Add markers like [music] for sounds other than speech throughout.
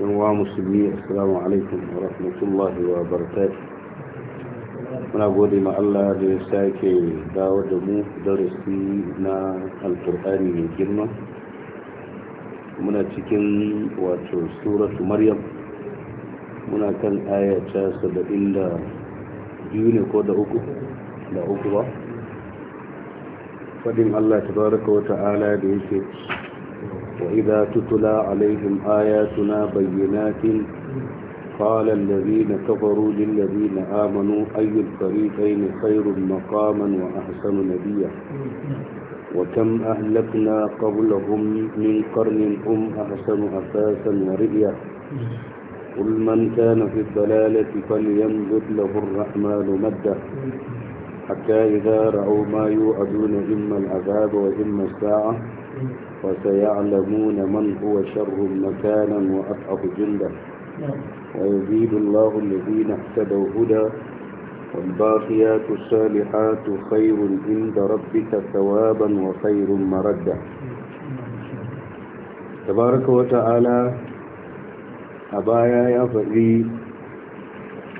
yanwa musulmi assalamu alaikum wa rahmatullahi wa barakatuh muna gode ma Allah da ya sake dawo da mu darasi na alkur'ani mai girma muna cikin wato suratu maryam muna kan ayata su da biyu ne ko da uku da uku ba faɗin Allah tabaraka wa ta'ala da yake وإذا تتلى عليهم آياتنا بينات قال الذين كفروا للذين آمنوا أي الفريقين خير مقاما وأحسن نبيا وكم أهلكنا قبلهم من قرن هم أحسن أساسا ورئيا قل من كان في الضلالة فليمدد له الرحمن مدا حتى إذا رأوا ما يوعدون إما العذاب وإما الساعة وسيعلمون من هو شر مكانا وأضعف جندا ويزيد الله الذين اهتدوا هدى والباقيات الصالحات خير عند ربك ثوابا وخير مردا تبارك وتعالى أبايا يا فقري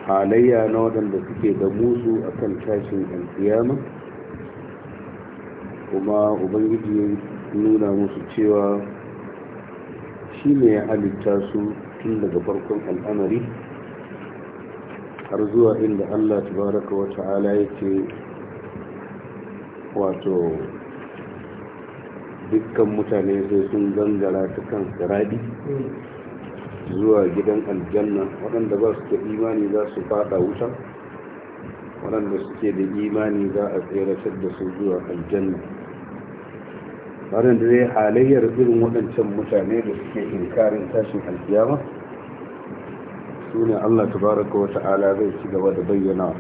حاليا نودا waɗanda دموسو أكن musu akan tashin kuma ubangiji nuna musu cewa shi ne ya halitta su tun daga farkon al'amari har zuwa inda allah tabaraka wa ta'ala ce wato dukkan mutane sai sun gangara ta kan karadi zuwa gidan aljanna waɗanda ba su da imani za su fada wuta waɗanda suke da imani za a tseratar da su zuwa aljanna waɗanda zai halayyar irin waɗancan mutane da suke inkarin tashin alkiyama su ne allah tabaraka wa ta'ala zai ci gaba da bayyana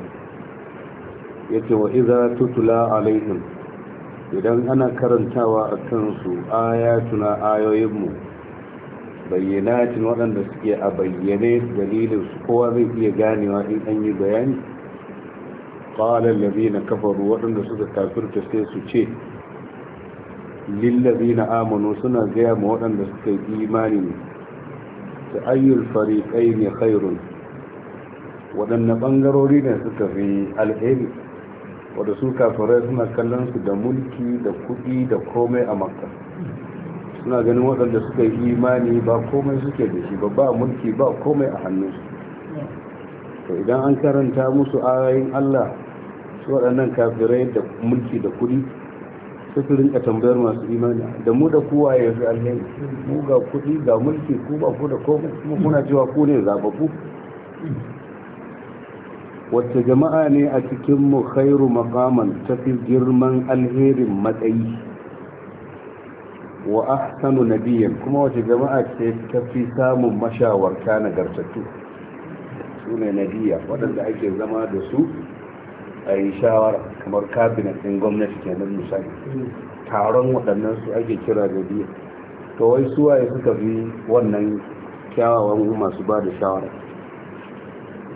ya ce wa iza tutula alaihim idan ana karantawa a kansu ayatuna ayoyinmu bayyanatin waɗanda suke a bayyane dalilin su kowa zai iya ganewa in an yi bayani ƙwalar labi na kafaru waɗanda suka kafirta sai su ce na amanu suna gaya ma waɗanda suka yi imani ne ta ayyul fariƙai ne khairun waɗanne ɓangarori ne suka fi alheri wadda su kafirai suna kallon su da mulki da kuɗi da komai a makka suna ganin waɗanda suka yi imani ba komai suke da shi ba ba mulki ba komai a hannunsu to idan an karanta musu ayoyin allah su waɗannan kafirai da mulki da kuɗi sai su rinka tambayar masu imani da mu da kowa ya fi alheri mu ga kuɗi ga mulki ku ba ku da komai kuma kuna cewa ku ne zababu wacce jama'a ne a cikin mu khairu maqaman tafi girman alherin matsayi wa ahsanu nabiyyan kuma wacce jama'a ce ta fi samun mashawarta nagartattu sune nabiya waɗanda ake zama da su a yi shawara kamar kabinet ɗin gwamnati kenan misali taron waɗannan su ake kira da biya to wai suwaye suka fi wannan kyawawan masu ba da shawara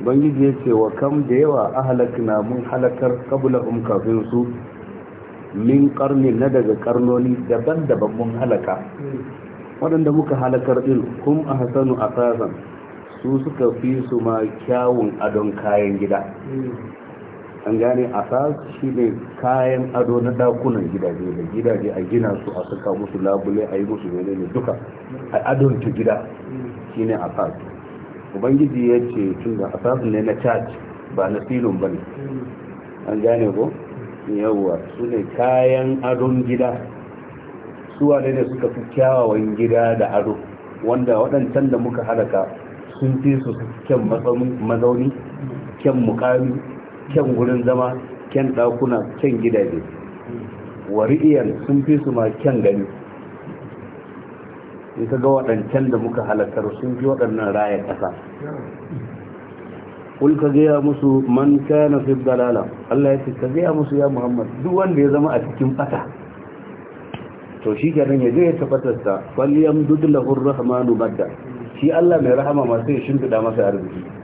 bangiji ya ce wa kam da yawa a ahalakna mun halakar kabula kafin su min karni na daga karnoni daban-daban mun halaka waɗanda muka halakar ɗin kun a hasanu a su suka fi su ma kyawun adon kayan gida an gane a shi ne kayan ado na dakunan gidaje da gidaje a gina su a saka musu labule a yi musu ne duka a adon ta gida shi ne asas ubangiji ya ce tun da asas ne na church ba na filin ba ne an gane ko yawwa su ne kayan adon gida suwa ne da suka fi kyawawan gida da ado wanda waɗancan da muka halaka sun fi su kyan mazauni kyan mukami kyan gurin zama kyan ɗakuna kyan gidaje wari'iyar sun fi su ma kyan gani in ka ga waɗancan da muka halakar sun fi waɗannan raya ƙasa kul ka gaya musu man kana fi dalala Allah ya ce ka gaya musu ya Muhammad duk wanda ya zama a cikin fata to shi kenan ya je ya tabbatar ta fal yamdud lahu ar-rahmanu madda shi Allah mai rahama ma sai ya masa arziki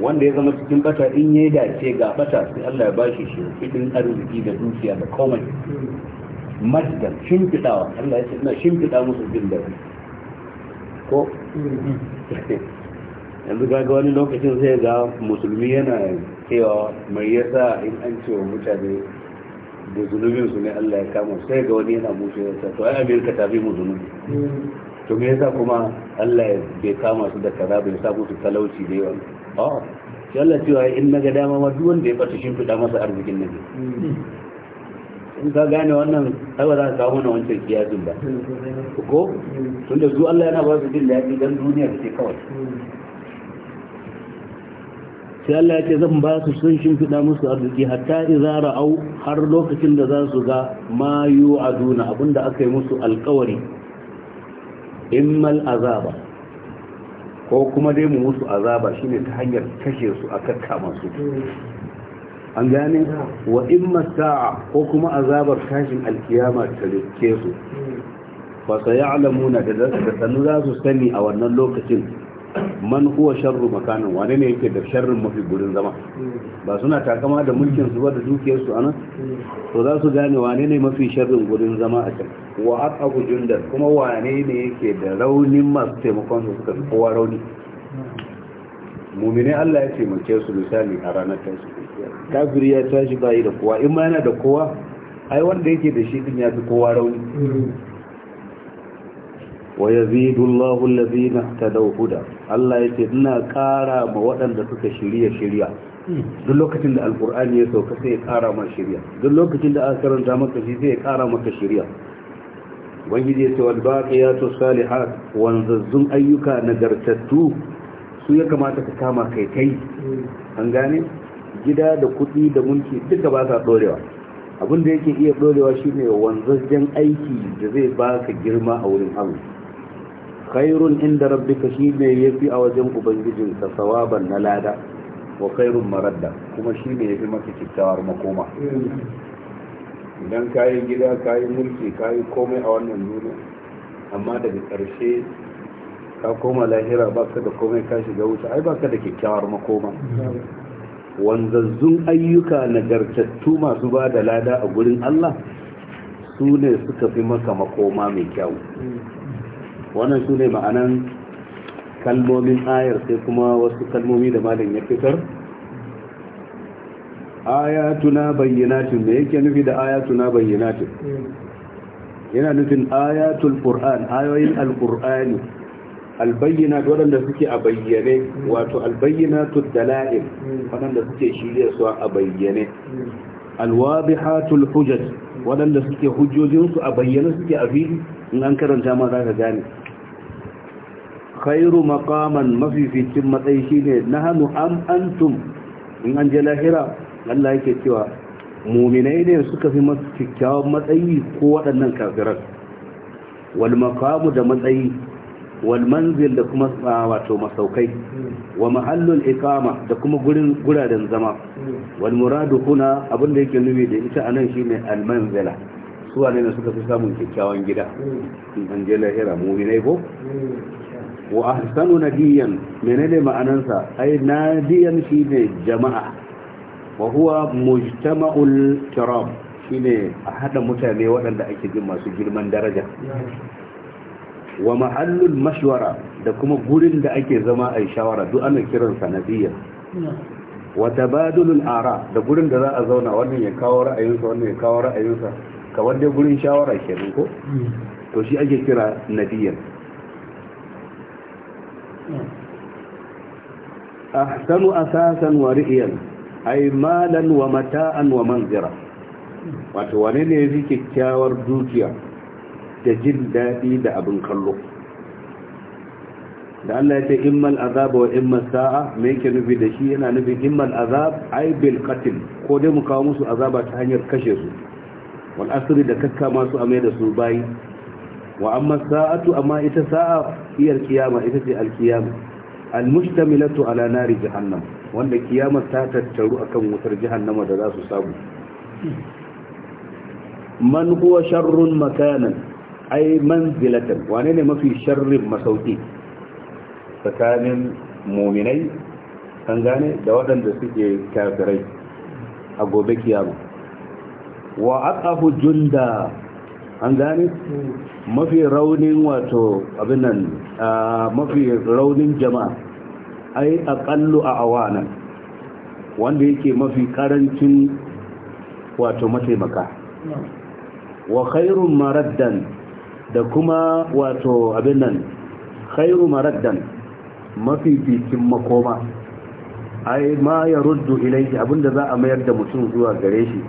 wanda ya zama cikin bata in ya yi dace ga bata sai Allah ya bashi shi cikin arziki da dukiya da komai majdan shimfiɗawa Allah ya ce ina shimfiɗa musu jin daɗi ko [laughs] yanzu ga wani lokacin sai ga musulmi yana cewa mai yasa in an ce wa mutane da zunubin su ne Allah ya kama sai ga wani yana musu yasa to ai Amerika ka tafi mu zunubi hmm. to me yasa kuma Allah ya bai kama su da kaza bai sa musu talauci da yawa shi Allah cewa in na ga dama ma duk wanda ya bata shi fida masa arzikin na biyu. Hmm. in ka gane wannan aiwa za ka kawo mana wancan kiyasin ba ko tun da zuwa Allah yana ba su jin daɗi don duniya da ke kawai hmm. sai Allah ya ce zan ba su sun shimfiɗa musu arziki hatta zara ra'au har lokacin da za su ga ma yu'aduna abinda aka yi musu alƙawari immal azaba ko kuma dai mu musu azaba shine ta hanyar kashe su a kakkama su an gane wa in mata'a, ko kuma azabar tashin alkiyama ta rike su fa sayalamuna da sannu za su sani a wannan lokacin man huwa sharru makanin wane ne yake da sharrin mafi gurin zama ba suna takama da mulkin su ba da dukiyar su anan to za su gane wane ne mafi sharrin gurin zama a can wa aqabu jundar kuma wane ne yake da raunin masu taimakon su suka kowa rauni mumine Allah ya taimake su misali a ranar tashi kafiri ya tashi bayi da kowa in ma yana da kowa ai wanda yake da shi din ya fi kowa rauni wa yazidu Allahu allazina ihtadaw huda Allah ce ina kara waɗanda suka shirya shirya duk lokacin da alqur'ani ya sauka sai ya kara ma shirya duk lokacin da aka karanta maka shi sai ya kara maka shirya ubangiji ya ce wal baqiyatu salihat wanzazzun ayyuka nagartattu su ya kamata ka kama kai kai an gane gida da kuɗi da mulki duka ba sa dorewa abin da yake iya dorewa shine wanzazzen aiki da zai baka girma a wurin Allah khairun inda rabbika shi ne yafi a wajen ubangijinka sawaban na lada wa khairun maradda kuma shi ne yafi maka kyakkyawar makoma idan kayi gida kayi mulki kayi komai a wannan duniya amma daga ƙarshe ka koma lahira baka da komai ka shiga wuta ai baka da kyakkyawar makoma Wanzanzun ayyuka nagartattu masu ba da lada a gurin Allah su ne suka fi maka makoma mai kyau wannan su ne ma'anan kalmomin ayar sai kuma wasu kalmomi da malam ya fitar ayatuna bayyinatin me yake nufi da ayatuna bayyinatin yana nufin ayatul qur'an ayoyin alqur'ani albayyinat wadanda suke a bayyane wato albayyinatud dalail wadanda suke shirye su a bayyane alwadihatul hujaj waɗanda suke hujjojinsu a bayyana suke a fili in an karanta ma za ka gane khairu maqaman mafificin matsayi shine na hannu antum in an je lahira Allah yake cewa muminai ne suka fi masu kyakkyawan matsayi ko waɗannan kafiran wal maqamu da matsayi wal manzil da kuma ah, wato masaukai wa mahallul ikama da kuma gurin guraren zama wal muradu kuna abinda yake nufi da ita anan shine al manzila su wane ne suka fi samun kyakkyawan gida in an je lahira ne ko wa ahsanu nadiyan menene ma'anansa ai nadiyan shine jama'a wa huwa mujtama'ul kiram shine a hada mutane waɗanda ake jin masu girman daraja wa mahallul mashwara da kuma gurin da ake zama a shawara duk ana kiran sanadiyya wa tabadulul ara da gurin da za a zauna wannan ya kawo ra'ayinsa wannan ya kawo ra'ayinsa ka wanda gurin shawara kenan ko mm. to shi ake kira nadiyya ahsanu asasan wa ri'yan ay malan wa mata'an wa manzira mm. wato wane ne yake kyakkyawar dukiya da jin daɗi da abin kallo da Allah ya ce immal azab wa immal sa'a me yake nufi da shi yana nufin immal azab ay bil qatl ko dai mu kawo musu azaba ta hanyar kashe su wal asri da kakka su amai da su bayi wa amma sa'atu amma ita sa'a iyar kiyama ita ce al kiyama al mustamilatu ala nari jahannam wanda kiyama ta tattaru akan wutar jahannama da za su sabu. man huwa sharrun makanan ai manzilatan wane ne mafi sharrin masauki tsakanin muminai an gane da waɗanda suke kafirai a gobe kiyama wa aqahu junda an gane mafi raunin wato abin nan mafi raunin jama'a ai aqallu a awana wanda yake mafi karancin wato mataimaka wa khairun maraddan da kuma wato abin nan khairu maraddan mafi fitin makoma ai ma ya ruddu ilaihi abinda za a mayar da mutum zuwa gare shi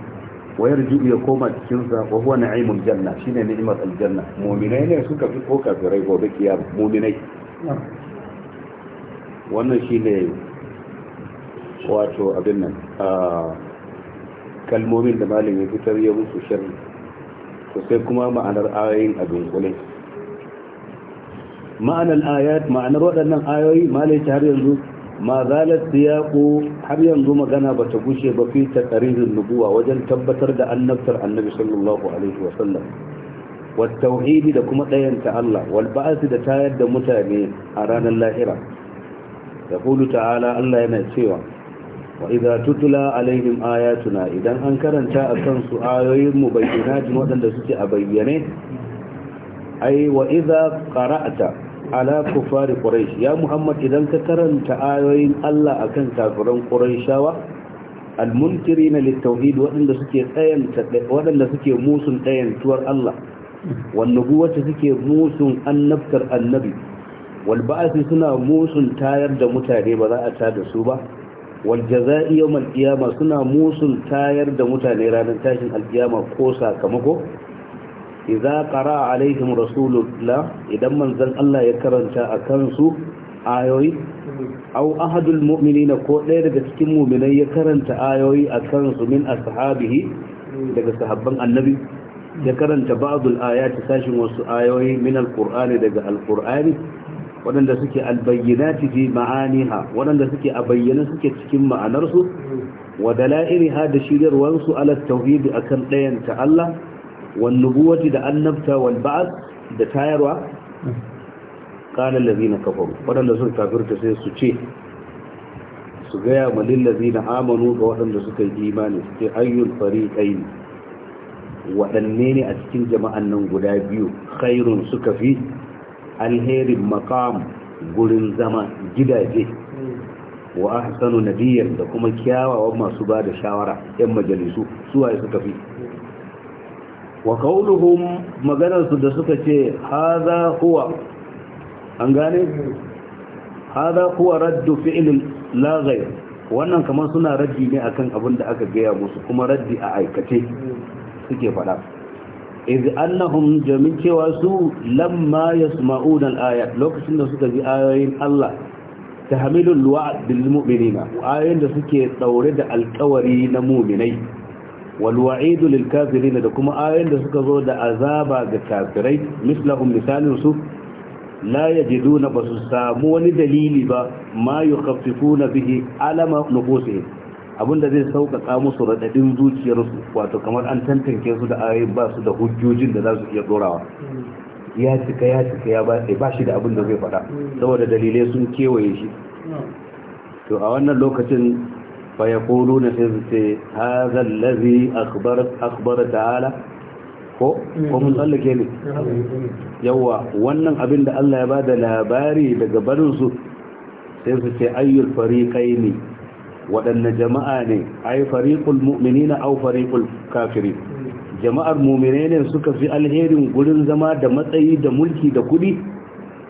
wayar jubu ya koma cikin sa wa huwa na'imul janna shine ni'imar aljanna mu'minai ne suka fi ko kafirai gobe kiya mu'minai wannan shine wato abin nan ah, kalmomin da malamin fitar ya musu sharri to sai kuma ma'anar ayoyin a dunkule ma'anar ayat ma'anar waɗannan ayoyi malaita har yanzu ma zalat siyaqu har yanzu magana bata gushe ba fi taqririn nubuwa wajen tabbatar da annabtar annabi sallallahu alaihi wa sallam da kuma ta Allah wal ba'asi da tayar da mutane a ranar lahira yaqulu ta'ala Allah yana cewa wa idza tutla alaihim ayatuna idan an karanta a akan su ayoyin mubayyinatin waɗanda suke a bayyane ai wa idza qara'ta ala kufari quraish ya muhammad idan ka karanta ayoyin Allah a akan kafiran quraishawa almunkirin litauhid wadanda suke tsayanta wadanda suke musun tsayantuwar Allah wan nubuwata suke musun annabtar annabi wal suna musun tayar da mutane ba za a ta da su ba wal jaza'i yawmal qiyama suna musul tayar da mutane ranar tashin alkiyama ko sakamako idza qara alaihim rasulullah idan manzan Allah ya karanta akan su ayoyi aw ahadul mu'minina ko ɗaya daga cikin mu'minai ya karanta ayoyi akan su min ashabihi daga sahabban annabi ya karanta ba'dul ayati sashin wasu ayoyi min alqur'ani daga alqur'ani waɗanda suke albayyanati fi ma'aniha waɗanda suke a bayyana suke cikin ma'anarsu wa dala'iriha da shiryarwarsu ala tauhid akan ɗayan ta Allah wan nubuwati da annabta wal ba'd da tayarwa qala allazina kafaru waɗanda suka kafirta sai su ce su gaya ma lillazina amanu ga waɗanda suka yi imani suke ayyul fariqaini waɗanne ne a cikin jama'an nan guda biyu khairun suka fi alherin makam gurin zama gidaje wa ahsanu nabiyyan da kuma kyawawan masu ba da shawara yan majalisu suwaye suka fi wa kauluhum maganarsu da suka ce haza huwa an gane haza huwa raddu fi'lin la wannan kamar suna raddi ne akan abin da aka gaya musu kuma raddi a aikace suke faɗa iz annahum jamin cewa su lamma yasma'una al-ayat lokacin da suka ji ayoyin Allah tahmilul wa'd bil mu'minina ayoyin da suke daure da alkawari na mu'minai wal wa'id lil kafirin da kuma ayoyin da suka zo da azaba ga kafirai mislahum misalin su la yajiduna basu samu wani dalili ba ma yukhaffifuna bihi alama nufusihim abinda zai sauƙaƙa musu raɗaɗin zuciyarsu wato kamar an tantance su da ayi ba su da hujjojin da za su iya ɗorawa ya cika ya cika ya ba shi da abin da zai faɗa saboda dalilai sun kewaye shi to a wannan lokacin fa na sai su ce hadha allazi akhbara akhbara ta'ala ko ko mun tsallake ne yawa wannan abin da Allah ya bada labari daga barin su sai su ce ayyul fariqaini waɗanne jama'a ne ai fariqul na au fariqul kafiri? jama'ar mu'mine ne suka fi alherin gurin zama da matsayi da mulki da kudi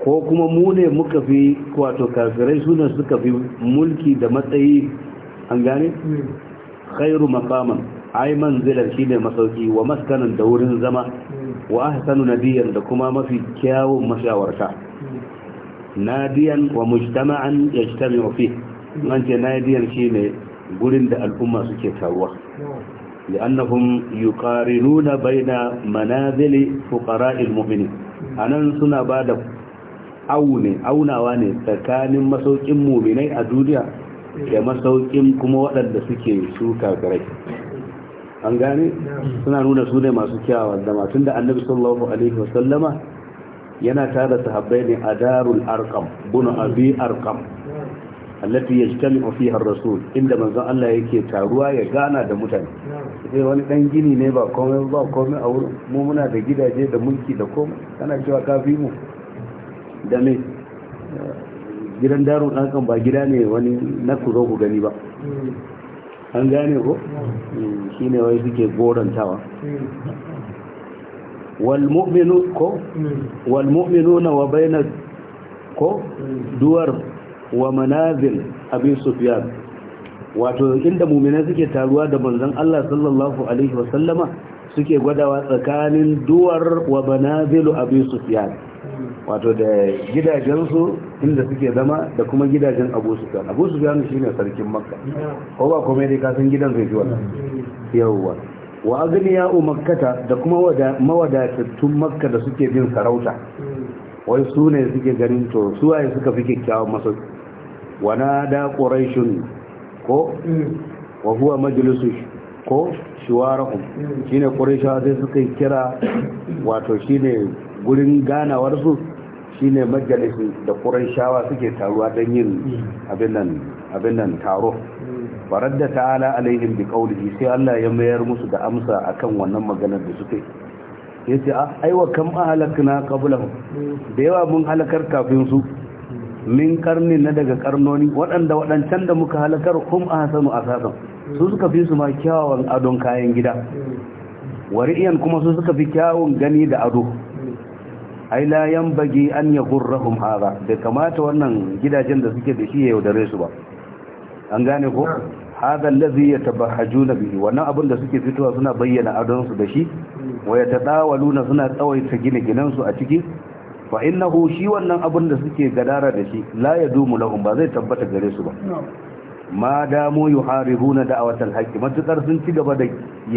ko kuma mu ne muka fi wato kafirai su ne suka fi mulki da matsayi an gane khairu Makaman ai manzilar ne masauki wa maskanan da wurin zama wa ahsanu nadiyan da kuma mafi kyawun mashawarta nadiyan wa mujtama'an yajtami'u fihi nan ce naidiyar shi ne gurin da al'umma suke taruwa li'annahum yuqarinuna baina manazili fuqara'il mu'minin anan suna ba da aunawa ne tsakanin masaukin mu'minai a duniya da masaukin kuma waɗanda suke su garai. an gane suna nuna su ne masu kyawa da matun da annabi sallallahu alaihi wasallama yana tara sahabbai ne a darul arqam bunu abi arqam allati yajtami'u fiha ar-rasul inda manzon Allah yake taruwa ya gana da mutane sai eh, wani dan gini ne ba komai ba komai a wurin mu muna da gidaje da mulki da komai kana cewa ka fi mu da me gidan daro dan kan ba gida ne wani na ku zo ku gani ba an gane ko mm, shi ne wai suke gorantawa wal mu'minu ko mm. wal mu'minuna wa bainat ko mm. duwar wa manazil abin sufiyar wato inda Mumina suke taruwa da manzan Allah sallallahu alaihi wasallama suke gwadawa tsakanin duwar wa manazilu abin sufiyar wato da gidajensu inda suke zama da kuma gidajen abu sufiyar abu shi ne sarkin makka ko ba komai dai kasan gidan zai ji wannan yawwa wa agniya makkata da kuma mawadatattun makka da suke bin sarauta wai su ne suke ganin to suwaye suka fi kyakkyawan masauki ونادى قريش كو وهو مجلس ko shi shine quraisha sai suka kira wato shine gurin ganawar su shine majalisi da quraishawa suke taruwa don yin abin nan abin nan taro faradda ta'ala alaihim bi qawlihi sai Allah ya mayar musu da amsa akan wannan maganar da suke yace ai wa kam ahlakna qablahum da yawa mun halakar kafin su min karni na daga karnoni waɗanda waɗancan da muka halakar hum a asasan su suka fi su ma kyawawan adon kayan gida Wari iyan kuma su suka fi kyawun gani da ado ai la yanbaghi an yaghurrahum haza, da kamata wannan gidajen da suke da shi ya yaudare su ba an gane ko taba haju na biyu, wannan abin da suke fitowa suna bayyana adon su da shi wa yatadawaluna suna tsawaita gine-ginensu a ciki fa innahu shi wannan abin da suke gadara da shi la yadumu lahum ba zai tabbata gare su ba ma damu yuharibuna da'watal haqqi matukar sun ci gaba da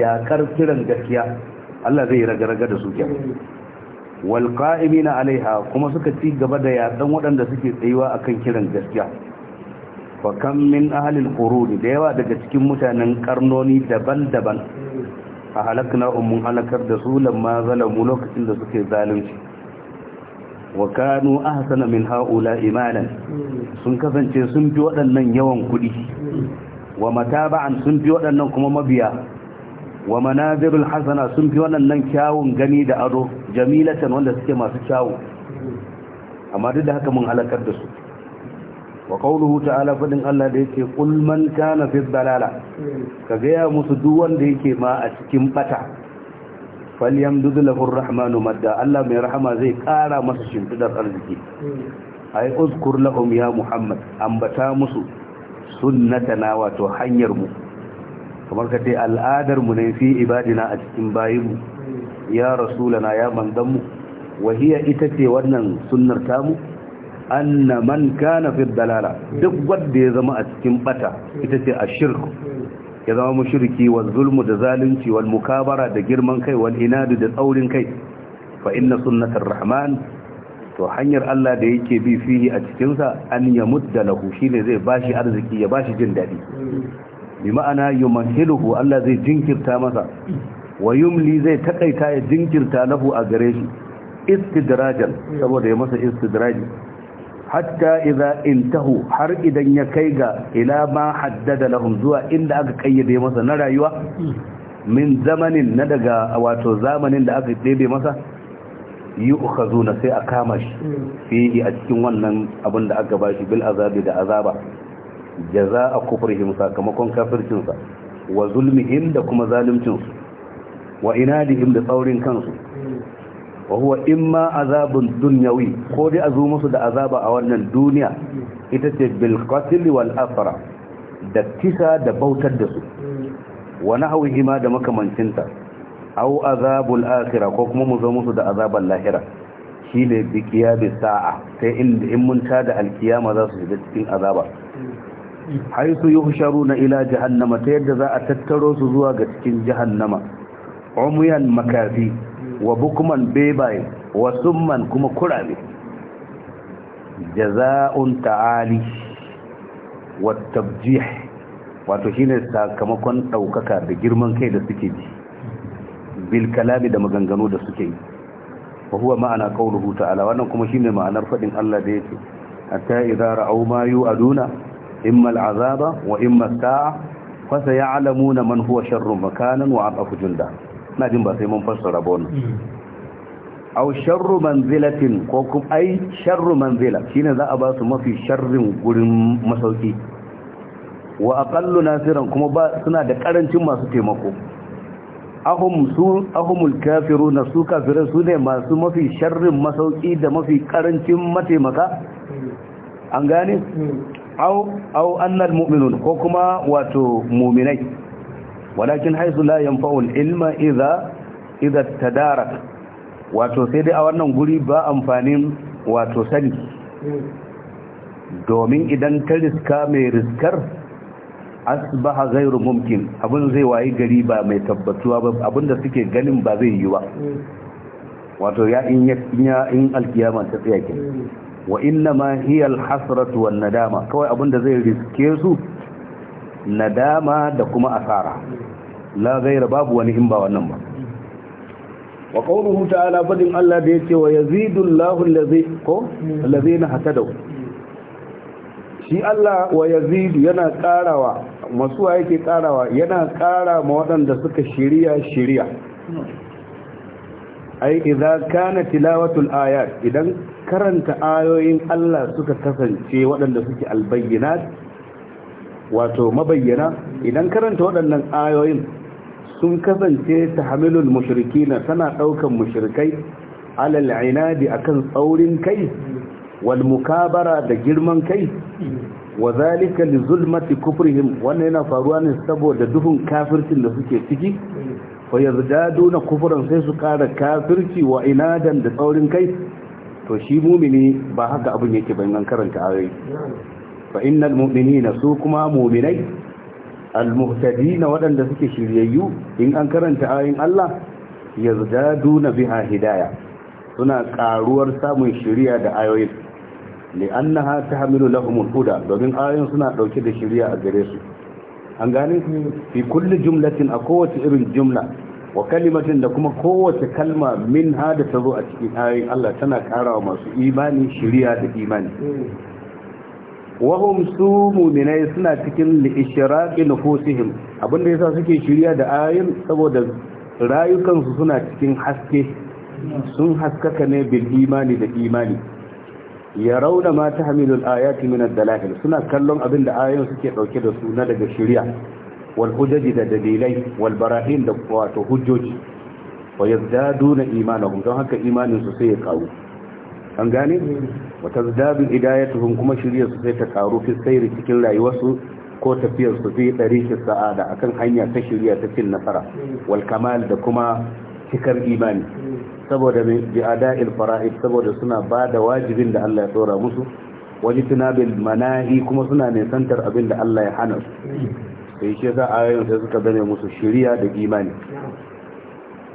yakar kiran gaskiya Allah zai raga-raga da su ke wal qa'imina alaiha kuma suka ci gaba da yadan waɗanda suke tsayuwa akan kiran gaskiya fa kam min ahli al da yawa daga cikin mutanen karnoni daban-daban a halakna ummun halakar da su lamma zalamu lokacin da suke zalunci wa kanu ahsana min haula imanan sun kasance sun fi waɗannan yawan kuɗi wa mataba'an sun fi waɗannan kuma mabiya wa manazirul hasana sun fi waɗannan kyawun gani da ado jamilatan wanda suke masu kyawu amma duk da haka mun halakar da su wa qawluhu ta'ala fadin Allah da yake qul man kana fi ka ga ya musu duk wanda yake ma a cikin bata falyam lahu arrahmanu madda Allah mai rahama zai kara masa shimfidar arziki hmm. ai uzkur lahum ya muhammad ambata musu sunnatana wato hanyar mu kamar ka ce al'adar mu ne fi ibadina a cikin bayinmu hmm. ya rasulana ya manzon mu wahiya ita ce wannan sunnar tamu anna man kana fi dalala hmm. duk wanda ya zama a cikin bata ita ce ashirku ya zama mushriki wal zulmu da zalunci wal mukabara da girman kai wal inadu da tsaurin kai fa inna sunnatar rahman to hanyar Allah da yake bi fihi a cikin sa an ya mudda lahu shine zai bashi arziki ya bashi jin dadi bi ma'ana yumahiluhu Allah zai jinkirta masa wa yumli zai takaita ya jinkirta lahu a gare shi istidrajan saboda ya masa istidraji hatta in intahu har idan ya kai ga ila ma haddada lahum zuwa inda aka kayyade masa na rayuwa min zamanin na daga wato zamanin da aka ɗebe masa yi na sai a kama shi fihi a cikin wannan abin da aka bashi bil azabi da azaba jaza'a kufrihim sakamakon kafircinsa sa wa zulmihim da kuma zaluncin wa inadihim da tsaurin kansu wa huwa imma azabun dunyawi ko dai azu musu da azaba a wannan duniya ita ce bil qatl wal afra da kisa da bautar da su wa nahwihi ma da makamancinta aw azabul akhirah ko kuma mu zo musu da azabal lahira shine bi sa'a sai in in mun ta da alkiyama za su shiga cikin azaba haisu yuhsharuna ila jahannama ta yadda za a tattaro su zuwa ga cikin jahannama umyan makafi wa bukman bebaye wa summan kuma kurabe jaza'un ta'ali wa tabjih wato shine sakamakon daukaka da girman kai da suke ji bil kalami da maganganu da suke yi wa huwa ma'ana qawluhu ta'ala wannan kuma shine ma'anar fadin Allah da yake hatta idza ra'aw ma yu'aduna imma al'azaba wa imma as-sa'a fa sayalamuna man huwa sharrun makanan wa afu junda na jin ba sai mun fassara ba wannan aw sharru manzilatin ko kuma ai sharru manzila shine za a ba su mafi sharrin gurin masauki wa aqallu nasiran kuma ba suna da karancin masu taimako ahum su ahumul kafiruna su kafirun su ne masu mafi sharrin masauki da mafi karancin mataimaka an gane hmm. au aw annal mu'minun ko kuma wato mu'minai walakin haisu la yanfa'ul ilma idza idza tadarak wato sai dai a wannan guri ba amfanin wato sani domin idan ta riska mai riskar asbaha ghairu mumkin abin zai wayi gari ba mai tabbatuwa ba abinda suke ganin ba zai yi ba wato ya in ya in alkiyama ta tsaya wa inna ma hiya alhasratu wan nadama kawai abinda zai riske su nadama da kuma asara la gaira babu wani himba wannan ba wa qawluhu ta'ala fadin Allah da yace wa yazidu Allahu allazi ko allazina hatadaw shi Allah wa yazidu yana karawa masu yake karawa yana kara ma waɗanda suka shiriya shiriya ai idza kana tilawatul ayat idan karanta ayoyin Allah suka kasance waɗanda suke albayyinat wato mabayyana idan karanta waɗannan ayoyin sun kasance ta tahmilul mushrikina tana ɗaukan mushrikai alal a kan tsaurin kai walmukabara da girman kai wa zalika li zulmati kufrihim wannan yana faruwa ne saboda duhun kafircin da suke ciki fa na kufran sai su kara kafirci wa inadan da tsaurin kai to shi mumini ba haka abin yake bayan karanta ayoyi fa innal mu'minina su kuma mu'minai almuhtadina waɗanda suke shiryayyu in an karanta ayoyin Allah yazdaduna biha hidaya suna karuwar samun shiriya da ayoyin li'annaha tahmilu lahum al-huda domin ayoyin suna dauke da shiriya a gare su an gane fi kulli jumlatin a kowace irin jumla wa kalimatin da kuma kowace kalma min hada ta zo a cikin ayoyin Allah tana karawa masu imani shiriya da imani wahum su muminai suna cikin li'ishiraqi nufusihim abinda yasa suke shirya da ayin saboda rayukansu suna cikin haske sun haskaka ne bil imani da imani ya rauna ma ta hamilul ayati min ad suna kallon abin da ayoyin suke dauke da su na daga shirya wal hujaji da dalilai wal barahin da wato hujjoji wa yazdaduna imanahum don haka imanin su sai ya kawo an gane wata ya idayatuhum kuma shirya su sai ta karu fi sairi cikin rayuwarsu ko tafiyar su fi sa'a sa'ada akan hanya ta shirya ta cin nasara wal kamal da kuma cikar imani saboda bi ada'il fara'id saboda suna ba da wajibin da Allah ya tsora musu wani tunabil manahi kuma suna nisantar abin da Allah ya hana su sai shi yasa ayoyin sai suka zame musu shirya da imani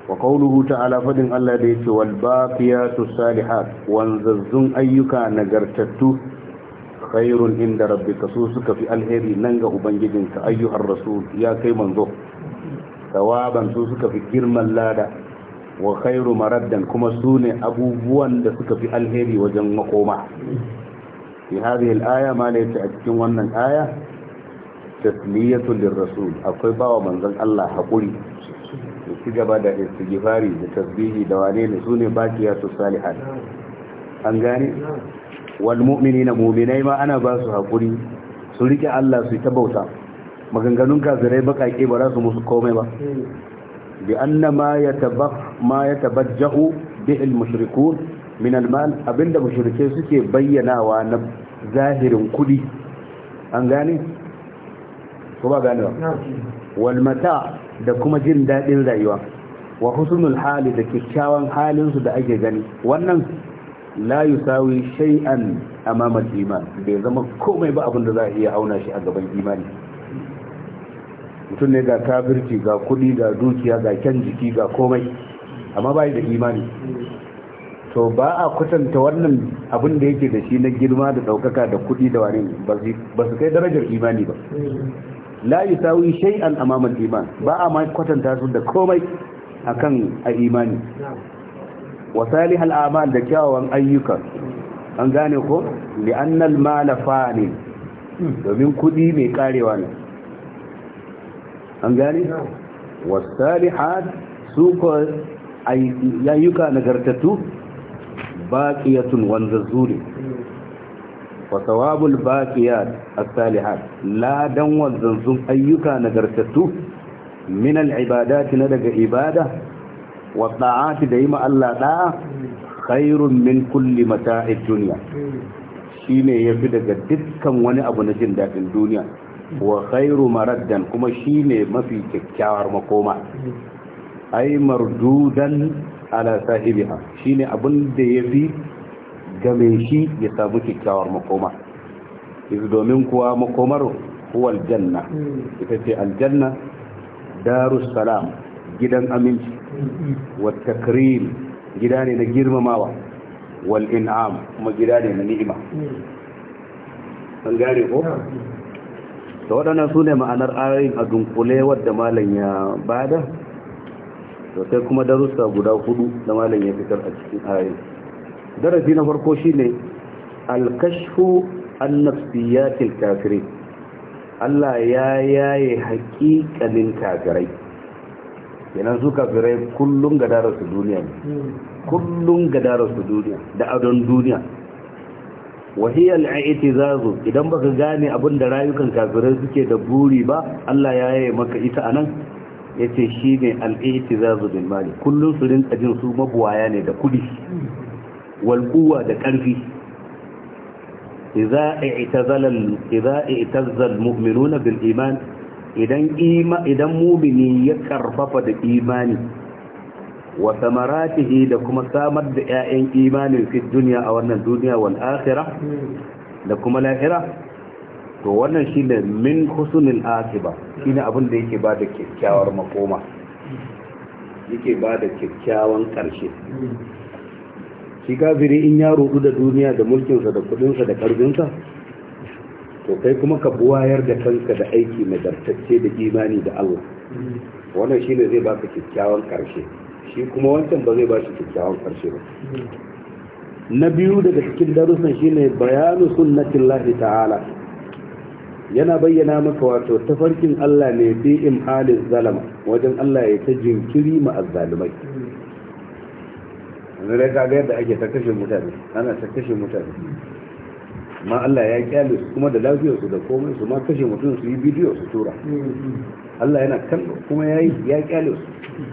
wa qawluhu ta'ala faɗin Allah da yake wal baqiyatu salihat wanzazzun ayyuka nagartattu khairun inda rabbika su suka fi alheri nan ga ubangijinka ayyuhar rasul ya kai manzo tawaban su suka fi girman lada wa khairu maraddan kuma sune abubuwan da suka fi alheri wajen makoma fi hadhihi aya ma la a cikin wannan aya tasliyatu lirrasul akwai bawa manzan Allah hakuri su gaba da istighfari da tasbihi da wane ne su ne su salihat an gane wal mu'minina mu'minai ma ana ba su hakuri su rike Allah su ta bauta maganganun baka bakake ba za su musu komai ba bi anna ma yatabaq ma yatabajjahu bi al mushrikun min al mal abinda mushrike suke bayyanawa na zahirin kudi an gane ko ba gane ba wal da kuma jin daɗin rayuwa wa husnul hali da kyakkyawan su da ake gani wannan la yusawi shay'an amama iman bai zama komai ba abin da za a iya auna shi a gaban imani mutum ne ga kafirci ga kudi ga dukiya ga kyan jiki ga komai amma bai da imani to ba a kwatanta wannan abin da yake da shi na girma da ɗaukaka da kudi da wani ba su kai darajar imani ba la yusawi shay'an amama iman ba a ma kwatanta su da komai akan a imani wa salihal a'mal da kyawawan ayyuka an gane ko li'anna al-mala fani domin kudi mai karewa ne an gane wa salihat su ko ayyuka nagartattu baqiyatun wanzazuri wa thawabul baqiyat as-salihat la dan sun ayyuka nagartattu min al-ibadat na daga ibada wa ta'ati da yi ma Allah da khairun min kulli mata'id dunya shine yafi daga dukkan wani abu na jin dadin duniya wa khairu maraddan kuma shine mafi kyakkyawar makoma ay mardudan ala sahibiha shine abin da yafi game shi ya samu kyakkyawar makoma izu domin kuwa makomar huwa janna, hmm. ita ce aljanna darus salam gidan aminci hmm. wata kirim gida ne na girmamawa wal in'am kuma gida ne na ni'ima hmm. an gane ko da waɗannan su ne ma'anar ayoyin a dunkule wadda malam ya bada to sai kuma darussa guda hudu da malam ya fitar a cikin ayoyin darasi na farko shine alkashfu an nafsiyatil kafirin Allah ya yaye haƙiƙanin kafirai kenan su kafirai kullum ga darasu duniya kullum ga darasu duniya da adon duniya wahiyar al'itizazu idan baka gane abin da rayukan kafirai suke da buri ba Allah ya yaye maka ita anan yace shine al'itizazu bil mali kullum su rinka jin su mabuwaya ne da kudi wal da ƙarfi idza i'tazala mu'minuna bil iman idan idan mu'mini ya karfafa da imani wa samaratihi da kuma samar da 'ya'yan imanin fi duniya a wannan duniya wal akhirah da kuma lahira to wannan shine min husnul akiba shine abin da yake bada kyakkyawar makoma yake bada kyakkyawan karshe shi gafiri in ya rudu da duniya da mulkinsa da kudinsa da karfinsa to kai kuma ka buwayar da kanka da aiki mai dartacce da imani da Allah wannan shine zai baka kyakkyawan karshe shi kuma wancan ba zai ba shi kyakkyawan karshe ba na biyu daga cikin darussan shine bayanu sunnatillahi ta'ala yana bayyana maka wato tafarkin Allah ne bi halin zalama wajen Allah ya ta jinkiri ma zai ka ga yadda ake ta kashe mutane ana ta kashe mutane ma Allah ya kyale su kuma da lafiyarsu da komai su ma kashe mutum su yi bidiyo su tura Allah yana kan kuma ya yi ya kyale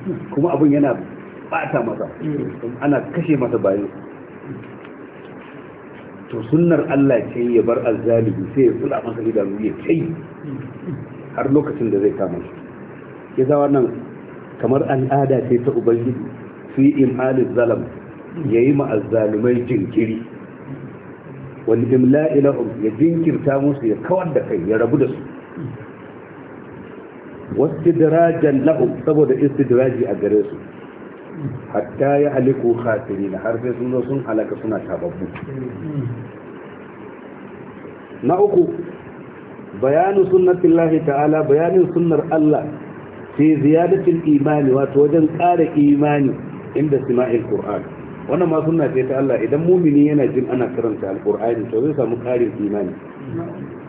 su kuma abin yana bata masa ana kashe masa bayo to sunnar Allah ce ya bar azzalimi sai ya tsula masa idanu ya kai har lokacin da zai kama shi ya za nan kamar al'ada ce ta ubangiji su yi imhalin zalam ya yi ma'azzalumai jinkiri wani imla ilahun ya jinkirta musu ya kawar da kai ya rabu da su wasu dirajen lahun saboda istidiraji a gare su hatta ya aliku khasiri na har sai sun zo sun halaka suna tababbu na uku bayanu sunnatin lahi ta'ala bayanin sunnar Allah sai ziyadatin imani wato wajen ƙara imani inda sima'il Qur'an wannan ma sunna ce ta Allah idan mumini yana jin ana karanta alqur'ani to zai samu karin imani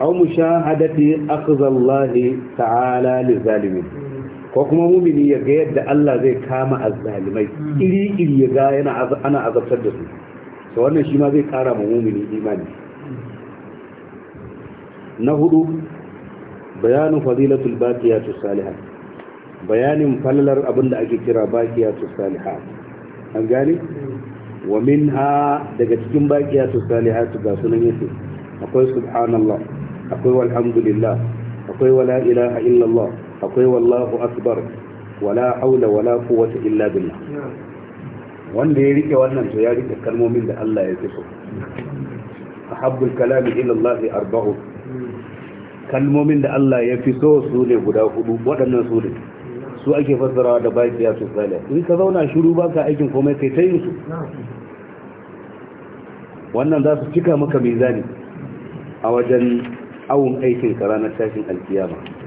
aw mushahadati akhzallahi ta'ala zalimin. ko kuma mumini ya ga yadda Allah zai kama azzalimai iri iri ya ga yana ana azabtar da su to wannan shi ma zai kara ma mumini imani na hudu bayanu fadilatul baqiyatu salihah bayanin falalar abinda ake kira baqiyatu salihah an gane wa min ha daga cikin baqiya su salihatu ga sunan yake akwai subhanallah akwai walhamdulillah akwai wala ilaha illallah akwai wallahu akbar wala haula wala quwwata illa billah wanda ya rike wannan to ya rike kalmomin da Allah ya fi so ahabbul kalami ila Allah arba'u kalmomin da Allah ya fi so su ne guda hudu waɗannan su ne su ake fassarawa da baki ya su tsale in ka zauna shiru ba ka aikin komai kai ta yin su wannan za su cika maka mizani a wajen awon aikin ka ranar tashin alkiyama